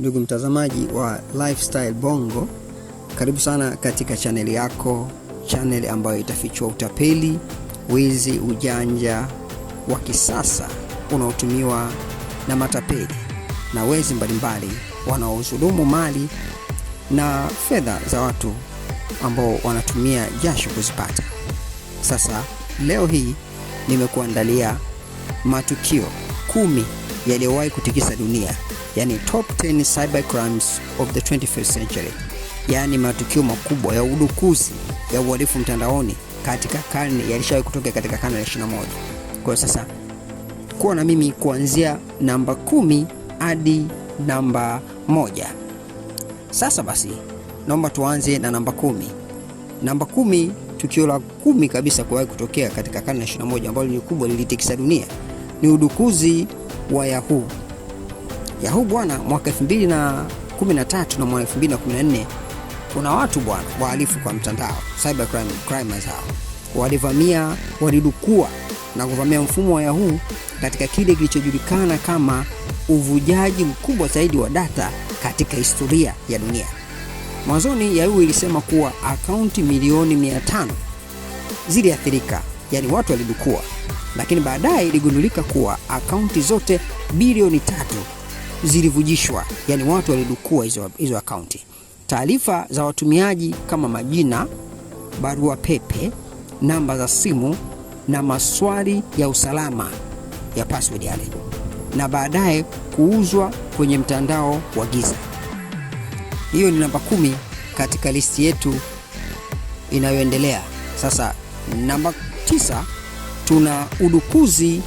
Ndugu mtazamaji wa Lifestyle Bongo, karibu sana katika chaneli yako, chaneli ambayo itafichua utapeli, wizi, ujanja wa kisasa unaotumiwa na matapeli na wezi mbalimbali wanaodhulumu mali na fedha za watu ambao wanatumia jasho kuzipata. Sasa leo hii nimekuandalia matukio kumi yaliyowahi kutikisa dunia yani top 10 cyber crimes of the 21st century, yani matukio makubwa ya udukuzi ya uhalifu mtandaoni katika karne yalishawahi kutokea katika karne ya 21. Kwa sasa kuwa na mimi kuanzia namba kumi hadi namba moja. Sasa basi, naomba tuanze na namba kumi. Namba kumi, tukio la kumi kabisa kuwahi kutokea katika karne ya 21 ambalo ni kubwa lilitikisa dunia ni udukuzi wa Yahoo ya huu bwana mwaka 2013 na mwaka 2014 kuna watu bwana wahalifu kwa mtandao cyber crime, crimes hao walivamia, walidukua na kuvamia mfumo wa Yahoo katika kile kilichojulikana kama uvujaji mkubwa zaidi wa data katika historia ya dunia. Mwanzoni Yahoo ilisema kuwa akaunti milioni 500 ziliathirika, yani watu walidukua, lakini baadaye iligundulika kuwa akaunti zote bilioni tatu zilivujishwa, yani watu walidukua hizo, hizo akaunti. Taarifa za watumiaji kama majina, barua pepe, namba za simu na maswali ya usalama ya password yale, na baadaye kuuzwa kwenye mtandao wa giza. Hiyo ni namba kumi katika listi yetu inayoendelea. Sasa namba tisa tuna udukuzi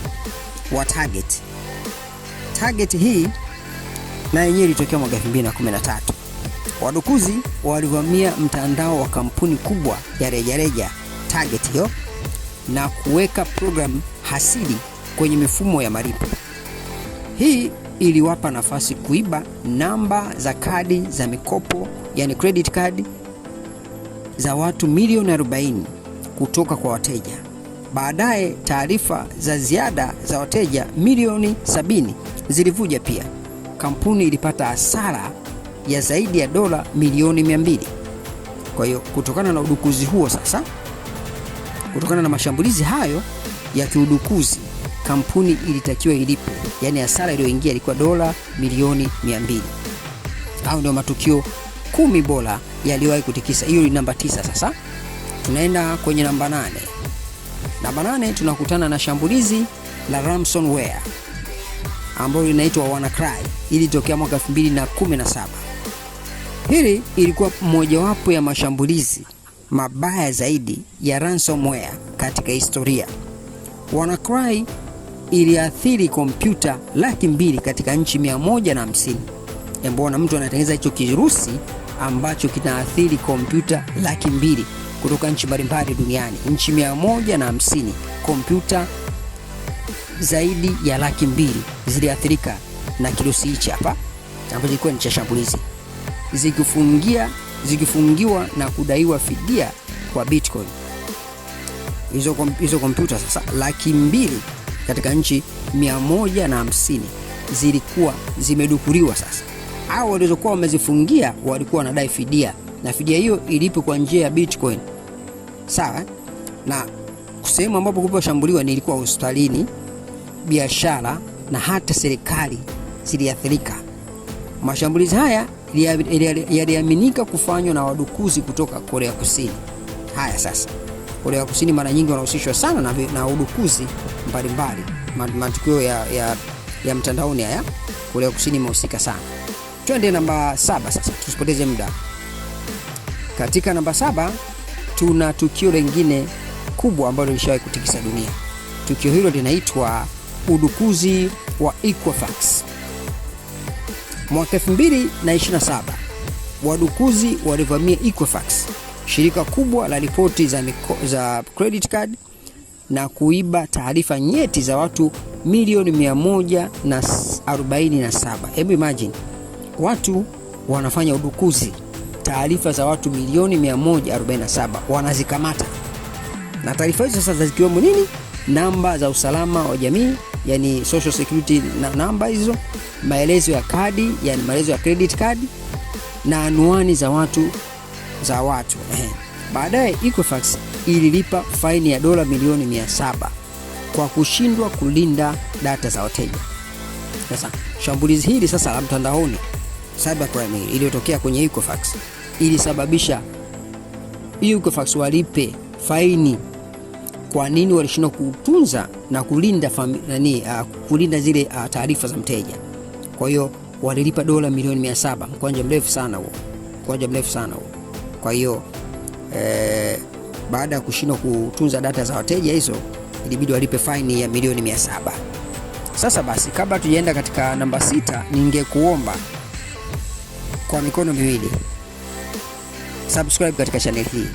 wa target. Target hii na yenyewe ilitokea mwaka 2013. Wadukuzi walivamia mtandao wa kampuni kubwa ya rejareja Target hiyo na kuweka programu hasidi kwenye mifumo ya malipo. Hii iliwapa nafasi kuiba namba za kadi za mikopo, yani credit card za watu milioni 40 kutoka kwa wateja. Baadaye taarifa za ziada za wateja milioni 70 zilivuja pia kampuni ilipata hasara ya zaidi ya dola milioni 200. Kwa hiyo kutokana na udukuzi huo sasa, kutokana na mashambulizi hayo ya kiudukuzi, kampuni ilitakiwa ilipe, yaani hasara iliyoingia ilikuwa dola milioni 200. Au ndio matukio kumi bora yaliyowahi kutikisa. Hiyo ni namba tisa. Sasa tunaenda kwenye namba nane. Namba nane tunakutana na shambulizi la ransomware ambayo linaitwa WannaCry ilitokea mwaka 2017. Hili ilikuwa mojawapo ya mashambulizi mabaya zaidi ya ransomware katika historia. WannaCry iliathiri kompyuta laki mbili katika nchi 150. Mbona mtu anatengeneza hicho kirusi ambacho kinaathiri kompyuta laki mbili kutoka nchi mbalimbali duniani, nchi 150 kompyuta zaidi ya laki mbili ziliathirika na kirusi hichi hapa ambacho kilikuwa ni cha shambulizi, zikifungia zikifungiwa na kudaiwa fidia kwa Bitcoin hizo hizo kompyuta. Sasa laki mbili katika nchi hamsini zilikuwa zimedukuriwa. Sasa hao walizokuwa wamezifungia walikuwa wanadai fidia, na fidia hiyo ilipo kwa njia ya Bitcoin, sawa na sehemu ambapo shambuliwa ni ilikuwa hospitalini biashara na hata serikali ziliathirika. Mashambulizi haya yaliaminika kufanywa na wadukuzi kutoka Korea Kusini. Haya sasa, Korea Kusini mara nyingi wanahusishwa sana na, na udukuzi mbalimbali, matukio ya, ya, ya mtandaoni haya. Korea Kusini imehusika sana. Twende namba saba sasa, tusipoteze muda. Katika namba saba tuna tukio lingine kubwa ambalo lishawahi kutikisa dunia. Tukio hilo linaitwa udukuzi wa Equifax. Mwaka 2027 wadukuzi walivamia Equifax, shirika kubwa la ripoti za, za credit card na kuiba taarifa nyeti za watu milioni 147. Hebu imagine watu wanafanya udukuzi taarifa za watu milioni 147 wanazikamata, na taarifa hizo sasa zikiwemo nini? Namba za usalama wa jamii, yani social security namba hizo, maelezo ya kadi, yani maelezo ya credit card na anwani za watu za watu. Baadaye Equifax ililipa faini ya dola milioni 700 kwa kushindwa kulinda data za wateja. Sasa shambulizi hili sasa la mtandaoni cybercrime iliyotokea kwenye Equifax ilisababisha Equifax walipe faini kwa nini walishindwa kutunza na kulinda fami, nani, uh, kulinda zile uh, taarifa za mteja. Kwa hiyo walilipa dola milioni 700, mkwanja mrefu sana huo, mkwanja mrefu sana huo. Kwa hiyo eh, baada ya kushindwa kutunza data za wateja hizo, ilibidi walipe faini ya milioni 700. Sasa basi, kabla tujaenda katika namba sita, ningekuomba kwa mikono miwili subscribe katika channel hii,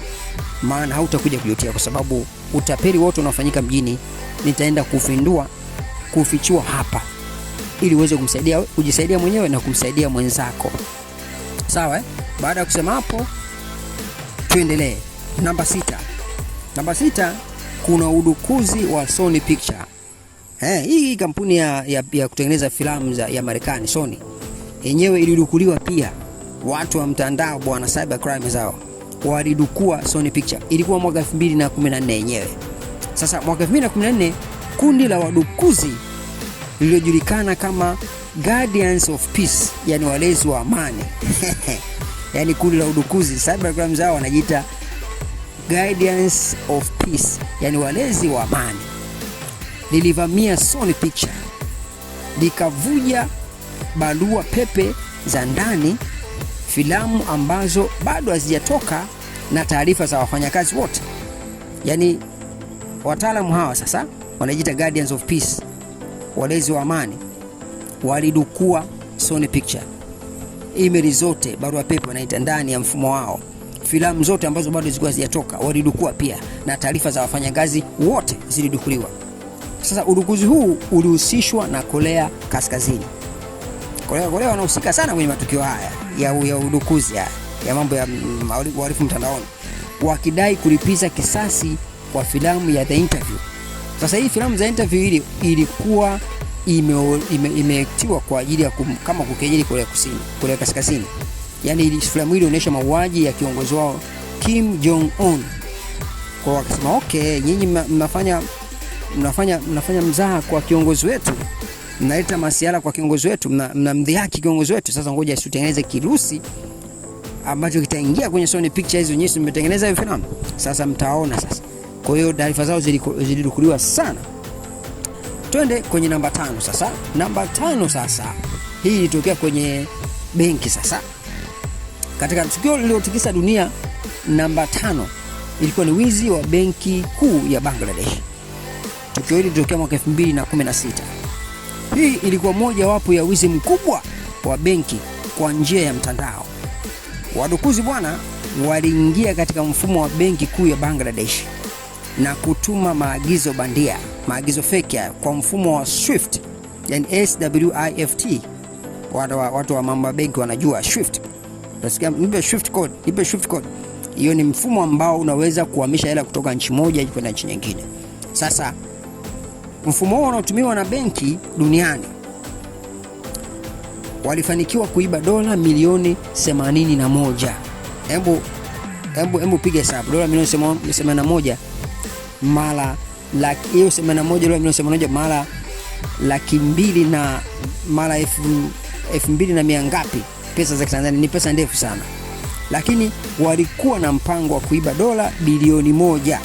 maana hautakuja kujutia, kwa sababu utapeli wote unaofanyika mjini nitaenda kufindua kufichua hapa, ili uweze kumsaidia kujisaidia mwenyewe na kumsaidia mwenzako, sawa eh? Baada ya kusema hapo, tuendelee namba sita. Namba sita, kuna udukuzi wa Sony Picture. Eh, hii kampuni ya, ya, ya kutengeneza filamu ya Marekani Sony yenyewe ilidukuliwa pia watu wa mtandao bwana, cyber crime zao walidukua Sony Picture, ilikuwa mwaka 2014 yenyewe. Sasa mwaka 2014 kundi la wadukuzi lililojulikana kama Guardians of Peace, yani walezi wa amani yani kundi la udukuzi cyber crime zao wanajiita Guardians of Peace, yani walezi wa amani, lilivamia Sony Picture likavuja barua pepe za ndani filamu ambazo bado hazijatoka na taarifa za wafanyakazi wote. Yaani wataalamu hawa sasa wanajiita Guardians of Peace, walezi wa amani, walidukua Sony Picture email zote, barua pepe wanaita, ndani ya mfumo wao, filamu zote ambazo bado zilikuwa hazijatoka walidukua pia, na taarifa za wafanyakazi wote zilidukuliwa. Sasa udukuzi huu ulihusishwa na Korea Kaskazini. Korea, Korea wanahusika sana kwenye matukio haya ya, ya udukuzi ya, ya mambo ya mm, uhalifu mtandaoni wakidai kulipiza kisasi kwa filamu ya The Interview. Sasa hii filamu za Interview ili, ilikuwa imeektiwa ime, kwa ajili ya kum, kama kukejeli Korea Kusini, Korea Kaskazini. Yaani filamu hii inaonyesha mauaji ya kiongozi wao Kim Jong Un. Kwa wakasema okay, nyinyi mnafanya mnafanya mnafanya mzaha kwa kiongozi wetu mnaleta masiala kwa kiongozi wetu, mnamdhihaki kiongozi wetu. Sasa ngoja tutengeneze kirusi ambacho kitaingia kwenye Sony Pictures hizo nyinyi mmetengeneza hiyo filamu. Sasa mtaona sasa. Kwa hiyo taarifa zao zilirukuliwa sana. Twende kwenye namba tano sasa. Namba tano sasa, hii ilitokea kwenye benki sasa. Katika tukio lililotikisa dunia, namba tano ilikuwa ni wizi wa benki kuu ya Bangladesh. Tukio hili lilitokea mwaka 2016. Hii ilikuwa moja wapo ya wizi mkubwa wa benki kwa njia ya mtandao. Wadukuzi bwana, waliingia katika mfumo wa benki kuu ya Bangladesh na kutuma maagizo bandia, maagizo feki kwa mfumo wa SWIFT, yani SWIFT. Watu wa, watu wa mambo ya benki wanajua SWIFT. Nasikia nipe SWIFT code, nipe SWIFT code. Hiyo ni mfumo ambao unaweza kuhamisha hela kutoka nchi moja kwenda nchi nyingine. Sasa Mfumo huo unaotumiwa na benki duniani walifanikiwa kuiba dola milioni 81. Hebu hebu hebu piga hesabu, dola milioni 81 mara laki hiyo 81, dola milioni 81 mara laki mbili na mara elfu mbili na mia ngapi pesa za Kitanzania? Ni pesa ndefu sana, lakini walikuwa na mpango wa kuiba dola bilioni moja.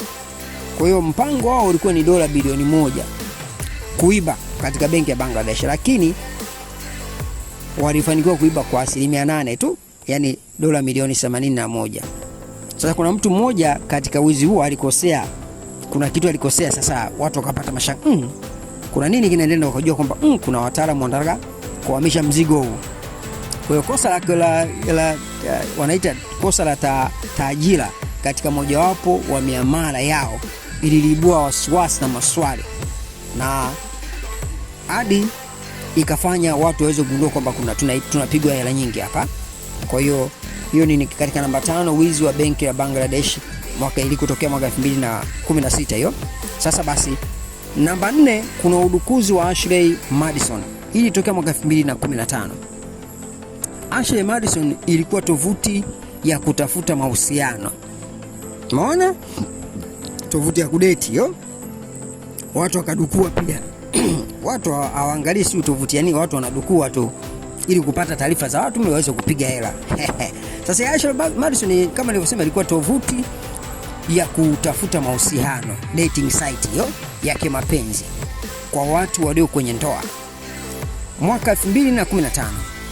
Kwa hiyo mpango wao ulikuwa ni dola bilioni moja kuiba katika benki ya Bangladesh, lakini walifanikiwa kuiba kwa asilimia nane tu, yani dola milioni 81. Sasa kuna mtu mmoja katika wizi huo alikosea, kuna kitu alikosea. Sasa watu wakapata mashaka mm, kuna nini kinaendelea? Wakajua kwamba mm, kuna wataalamu wanataka kuhamisha mzigo huu. Kwa hiyo kosa la, la, uh, wanaita kosa la ta, taajira katika mojawapo wa miamala yao ililibua wasiwasi na maswali na hadi ikafanya watu waweze kugundua kwamba kuna tunapigwa hela nyingi hapa. Kwa hiyo hiyo ni katika namba tano, wizi wa benki ya Bangladesh mwaka kutokea mwaka 2016 hiyo. Sasa basi namba nne, kuna udukuzi wa Ashley Madison. Hii ilitokea mwaka 2015. Ashley Madison ilikuwa tovuti ya kutafuta mahusiano, umeona, tovuti ya kudeti hiyo, watu wakadukua pia watu hawaangalii si tovuti nini, yaani watu wanadukua tu ili kupata taarifa za watu ili waweze kupiga hela. Sasa Ashley Madison kama nilivyosema, ilikuwa tovuti ya kutafuta mahusiano, dating site hiyo ya kimapenzi kwa watu walio kwenye ndoa. Mwaka 2015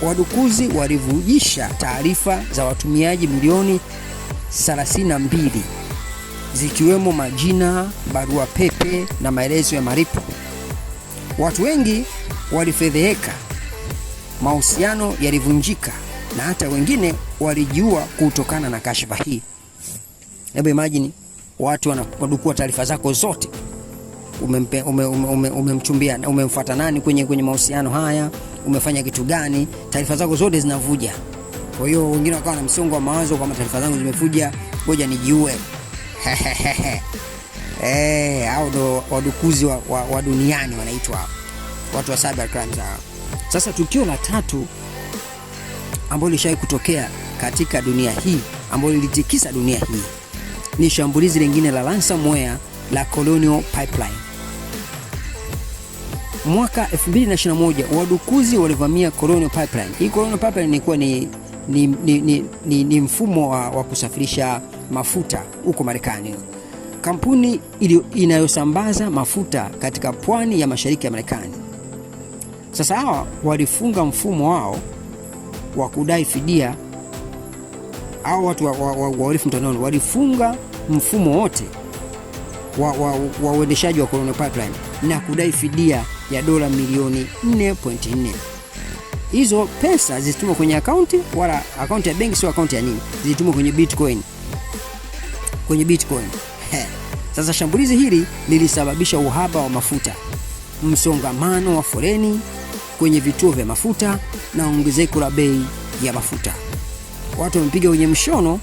wadukuzi walivujisha taarifa za watumiaji milioni 32 zikiwemo majina, barua pepe na maelezo ya malipo. Watu wengi walifedheheka, mahusiano yalivunjika na hata wengine walijiua kutokana na kashfa hii. Hebu imagine watu wanadukua taarifa zako zote, umemchumbia ume, ume, ume umemfuata nani kwenye, kwenye mahusiano haya, umefanya kitu gani, taarifa zako zote zinavuja. Kwa hiyo wengine wakawa na msongo wa mawazo kwamba taarifa zangu zimevuja, ngoja nijiue. eh, au ndo wadukuzi wa, wa, wa duniani wanaitwa watu wa cyber crimes hao. Sasa tukio la tatu ambalo lishawahi kutokea katika dunia hii ambalo lilitikisa dunia hii ni shambulizi lingine la ransomware la Colonial Pipeline. Mwaka 2021 wadukuzi walivamia Colonial Pipeline. Hii Colonial Pipeline ilikuwa ni, ni, ni, ni, ni, ni mfumo wa, wa kusafirisha mafuta huko Marekani kampuni inayosambaza mafuta katika pwani ya mashariki ya Marekani. Sasa hawa walifunga mfumo wao wa kudai fidia au watu wahalifu mtandaoni walifunga mfumo wote wa uendeshaji wa Colonial Pipeline na kudai fidia ya dola milioni 4.4. Hizo pesa zilitumwa kwenye akaunti wala akaunti ya benki, sio akaunti ya nini, zilitumwa kwenye Bitcoin, kwenye Bitcoin. Sasa shambulizi hili lilisababisha uhaba wa mafuta, msongamano wa foleni kwenye vituo vya mafuta na ongezeko la bei ya mafuta. Watu wamepiga kwenye mshono,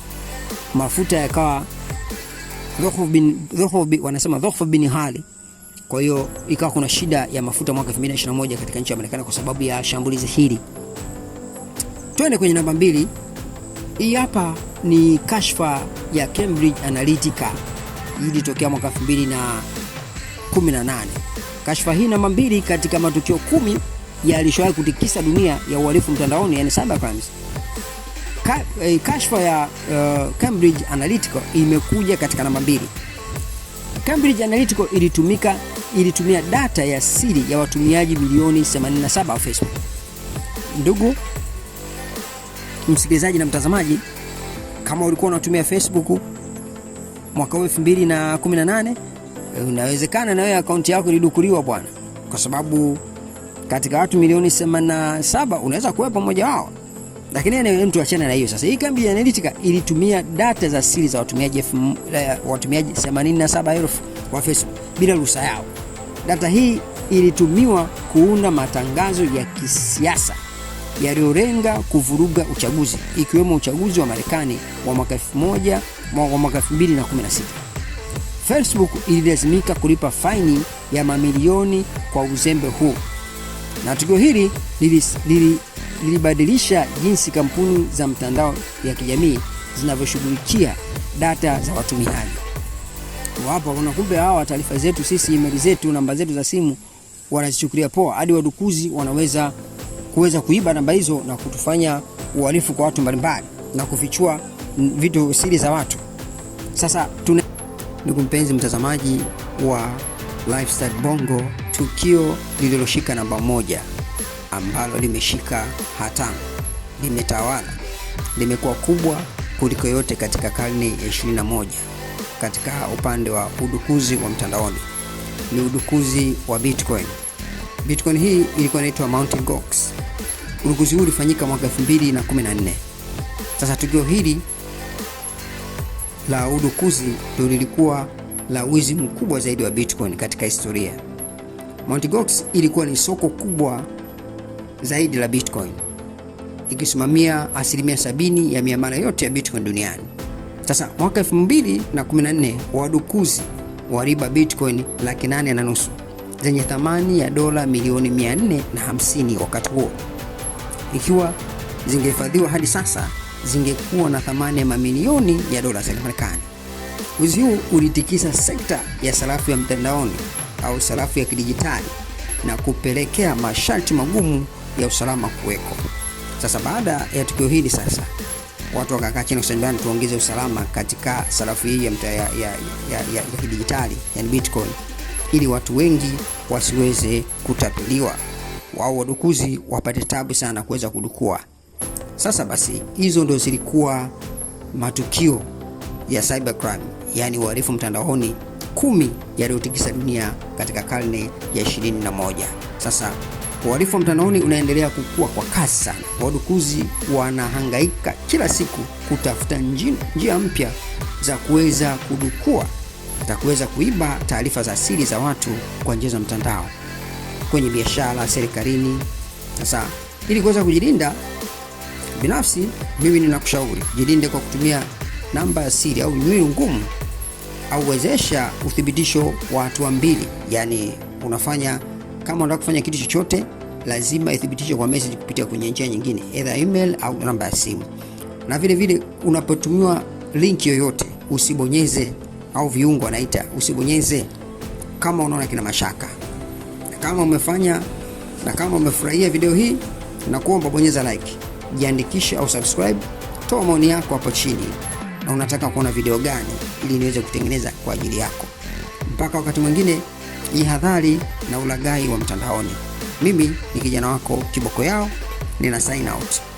mafuta yakawa wanasema dhofu bin hali. Kwa hiyo ikawa kuna shida ya mafuta mwaka 2021 katika nchi ya Marekani kwa sababu ya shambulizi hili. Twende kwenye namba mbili. Hii hapa ni kashfa ya Cambridge Analytica hili tokea mwaka 2018. Kashfa hii namba mbili katika matukio kumi yalishowahi kutikisa dunia ya uhalifu mtandaoni, yani cyber crimes. Eh, kashfa ya uh, Cambridge Analytica imekuja katika namba mbili. Cambridge Analytica ilitumika ilitumia data ya siri ya watumiaji milioni 87 wa Facebook. Ndugu msikilizaji na mtazamaji, kama ulikuwa unatumia Facebook mwaka huu 2018 unawezekana eh, na wewe akaunti yako ilidukuliwa bwana, kwa sababu katika watu milioni 87 unaweza kuwepo mmoja wao. Lakini anyway, mtu achana na hiyo sasa. Hii kambi ya Analytica ilitumia data za siri za watumiaji eh, watumiaji 87,000 wa Facebook bila ruhusa yao. Data hii ilitumiwa kuunda matangazo ya kisiasa yaliyolenga kuvuruga uchaguzi, ikiwemo uchaguzi wa Marekani wa mwaka wa mwaka 2016 Facebook ililazimika kulipa faini ya mamilioni kwa uzembe huu, na tukio hili lilibadilisha li, li jinsi kampuni za mtandao ya kijamii zinavyoshughulikia data za watumiaji. Wapo kumbe, hawa taarifa zetu sisi, email zetu, namba zetu za simu wanazichukulia poa, hadi wadukuzi wanaweza kuweza kuiba namba hizo na kutufanya uhalifu kwa watu mbalimbali na kufichua vitu siri za watu. Sasa tuna ndugu mpenzi mtazamaji wa Lifestyle Bongo, tukio lililoshika namba moja ambalo limeshika hatamu, limetawala, limekuwa kubwa kuliko yote katika karne ya 21 katika upande wa udukuzi wa mtandaoni ni udukuzi wa Bitcoin. Bitcoin hii ilikuwa inaitwa mountain Gox. Udukuzi huu ulifanyika mwaka 2014. Sasa tukio hili la udukuzi ndio lilikuwa la wizi mkubwa zaidi wa Bitcoin katika historia. Mt. Gox ilikuwa ni soko kubwa zaidi la Bitcoin ikisimamia asilimia sabini ya miamala yote ya Bitcoin duniani. Sasa mwaka 2014 wadukuzi waliba Bitcoin laki nane na nusu zenye thamani ya dola milioni 450 wakati huo, ikiwa zingehifadhiwa hadi sasa zingekuwa na thamani ya mamilioni ya dola za Marekani. Wizi huu ulitikisa sekta ya sarafu ya mtandaoni au sarafu ya kidijitali na kupelekea masharti magumu ya usalama kuweko. Sasa baada ya tukio hili sasa watu wakakaa chini kusaidiana tuongeze usalama katika sarafu hii ya, ya, ya, ya, ya, ya kidijitali yani Bitcoin, ili watu wengi wasiweze kutapeliwa, wao wadukuzi wapate tabu sana kuweza kudukua sasa basi, hizo ndio zilikuwa matukio ya cybercrime, yaani uhalifu mtandaoni kumi yaliyotikisa dunia katika karne ya 21. Sasa uhalifu wa mtandaoni unaendelea kukua kwa kasi sana. Wadukuzi wanahangaika kila siku kutafuta njia mpya za kuweza kudukua za kuweza kuiba taarifa za siri za watu kwa njia za mtandao, kwenye biashara, serikalini. Sasa ili kuweza kujilinda Binafsi mimi ninakushauri jilinde kwa kutumia namba ya siri au nywii ngumu, au wezesha uthibitisho wa hatua mbili. Yani unafanya kama unataka kufanya kitu chochote, lazima ithibitishe kwa message kupitia kwenye njia nyingine, either email au namba ya simu. Na vile vile unapotumiwa link yoyote usibonyeze, au viungo anaita usibonyeze kama unaona kina mashaka. kama umefanya na kama umefurahia video hii, nakuomba bonyeza like jiandikishe au subscribe. Toa maoni yako hapo chini, na unataka kuona video gani ili niweze kutengeneza kwa ajili yako. Mpaka wakati mwingine, jihadhari na ulagai wa mtandaoni. Mimi ni kijana wako Kiboko Yao, nina sign out.